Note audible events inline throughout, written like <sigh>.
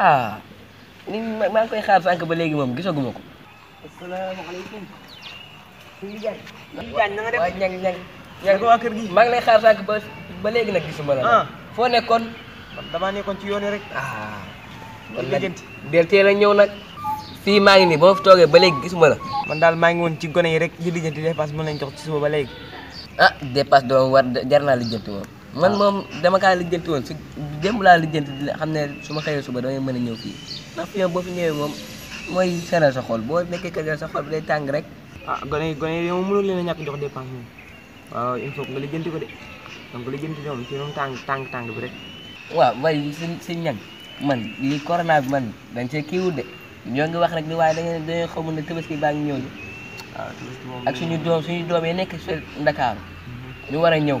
ah ni maa ngi koy xaar sànq ba léegi moom gisaguma ko. asalaamaaleykum. waaw ñang ñang waa kër gi maa ngi lay xaar sànq ba ba léegi nag gisuma la. ah foo nekkoon. damaa nekkoon ci yoon rek. ah. kon nag del teel a ñëw nag. fii maa ngi nii boo ma fi toogee ba léegi gisuma la. man daal maa ngi woon ci gone yi rek di lijjanti dépasse mën nañ jox ci suba ba léegi. ah dépasse doo war jar naa lijjanti man moom dama kaa lijjanti woon si démb laa lijjanti di xam ne su ma xëyee suba damay mën a ñëw fii ndax fii boo fi ñëwee moom mooy seral sa xol boo nekkee kër sa xol bi rek. ah gone yi gone yi moom mënul leen a ñàkk jox dépense moom waaw il faut nga lijjanti ko de donc lijjanti moom ci moom tàng tàng tàng si si ñan man li corona man dañ see kiiwul de ñoo ngi wax rek ni waaye dañoo dañoo xamul ne tabaski baa ngi ñëw de. waaw ah, tabaski moom ak suñu doom suñu doom yi nekk si Ndakaaru mhm. ñu war a ñëw.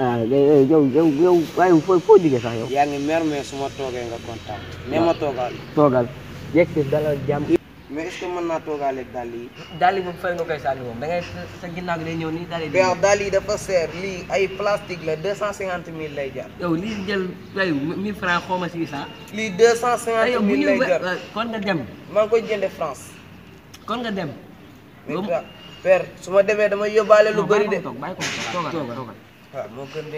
ah yow yow yow waaye foo foo jógee sax yow. yaa ngi mer mais su ma toogee nga kontaan. ne ma toogaal. dalal jàmm. mais est-ce que mën naa toogaale dàll yi. dàll yi moom fay nga koy sa ginnaaw gi day ñëw nii dàll yi. yi dafa seer lii ay plastique la cent cinquante mille lay jar. yow lii jël ay mille ma six cent. lii deux cent cinquante mille lay jar kon nga dem. maa ngi jël jënde France. kon nga dem. mais su ma demee dama yóbbaale lu bëri de. bàyyi ko toog toogal. waaw moo gën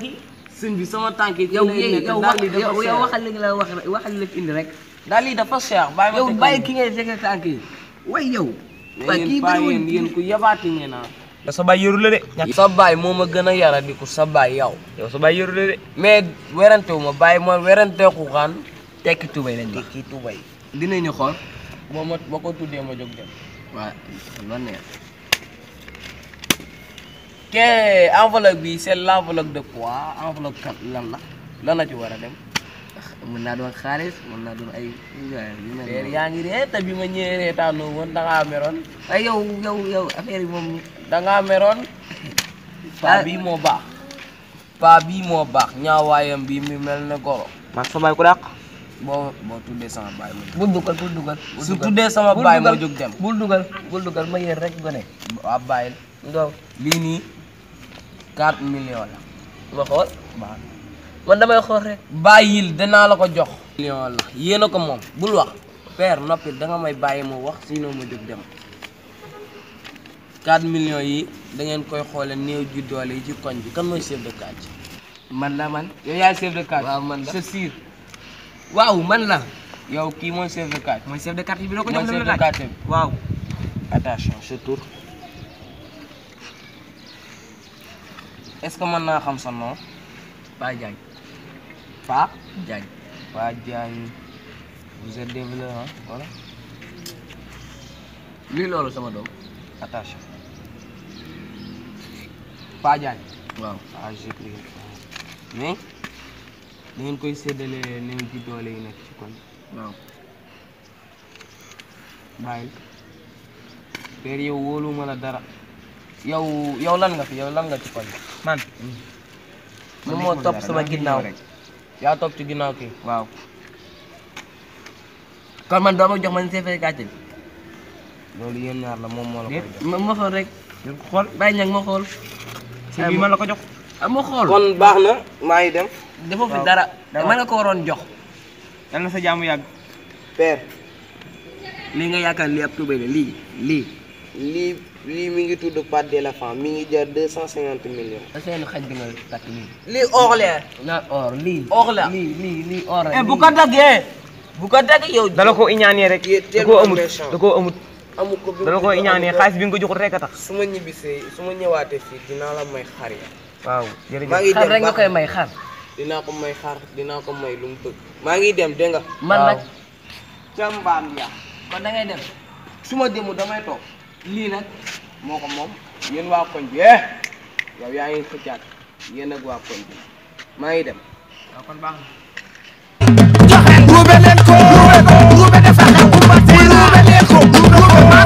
de. sama tànk yi. yow yow daal dafa cher bàyyi ma yow bàyyi ki ngay jege tànk ku yabaati ngeen sa baay de. sa baay moo ma gën a yara di ko sa baay yow. yow sa baay de. mais werante wu ma bàyyi ma werante xuxaan. tekki tubay lañ wax tekki tubay. dinañu xool. ma ok enveloppe bi c'est l'enveloppe de quoi enveloppe kan lan la la ci war a dem. mën naa doon xaalis mën na doon ay. affaire yaa ngi ree bi ma ñëwee reetaanoo woon da meroon. ay yow yow yow affaire moom. da meroon. <laughs> paa bi moo baax. paa bii moo baax ñaawaayam bii mi mel ne goro. maa sa baay ku dàq. boo tuddee sama baay ma jóg. sama baay ma dem. bul dugal bul dugal ma yéen rek gone. waaw bàyyil. donc 4 millions la. man damay xool rek. bàyyil danaa la ko jox. million la yéen a ko moom bul wax. père noppi danga may bàyyi ma wax sinon ma jóg dem 4 millions yi dangeen koy xoole néew ju doole yi ci koñ bi kan mooy chef de quartier. man la man yow yaay chef de man la c'est sûr. waaw man la. yow kii mooy chef mooy chef de quartier bi doo ko jox la laaj mooy chef de waaw. attention sa est-ce que mën naa xam sa nom. Paa Diagne. Paa Diagne. Paa Diagne lii loolu sama doom. attaché. Paa Diagne. mais. da ngeen koy séddale néew ji doole yi nekk ci kon. waaw. bàyyil. père ma la dara. yow yow lan nga fi yow lan nga ci kon. man. moom moo topp sama ginnaaw yaa topp ci ginnaaw kii waaw. kon man doo jox man CFA gàcce bi. loolu yéen ñaar la moom moo la koy jox ma xool rek. xool bàyyi ñag ma xool. si bii ma la ko jox. ah ma xool kon baax na maa ngi dem. dafa fi dara man nga ko waroon jox. yal na sa jaamu yàgg. père. lii nga yaakaar lii ab lii lii. lii lii mi ngi tudd pâte d'éléphant mi ngi jar deux cent cinquante millions. seen xaj bi nga takk nii. lii or la. or lii. or la eh, bu ko daggee bu ko daggee yow. dala ko iñaanee rek. da koo amut da amul ko bi dala ko iñaanee xaalis bi nga ko joxul rek a tax. su ma ñibbisee su ma ñëwaatee fii dinaa la may xar ya. waaw ngi xar rek nga koy may xar. dinaa ko may xar dinaa ko may lu mu bëgg. maa ngi dem dégg nga. man nag. ca ya kon da ngay dem. su ma demul damay lii nag moo ko moom yéen waa koñ bi eh yow yaa ngi waa koñ bi maa ngi dem waaw kon baax na joxe ruube leen ko ruube ko ruube dafa xew ku ma ruube leen ko ruube